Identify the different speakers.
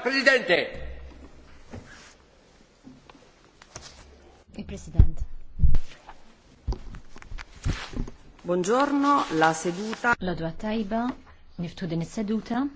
Speaker 1: Presidente. il Presidente. Buongiorno, la
Speaker 2: seduta. La dua tajba, niftu din seduta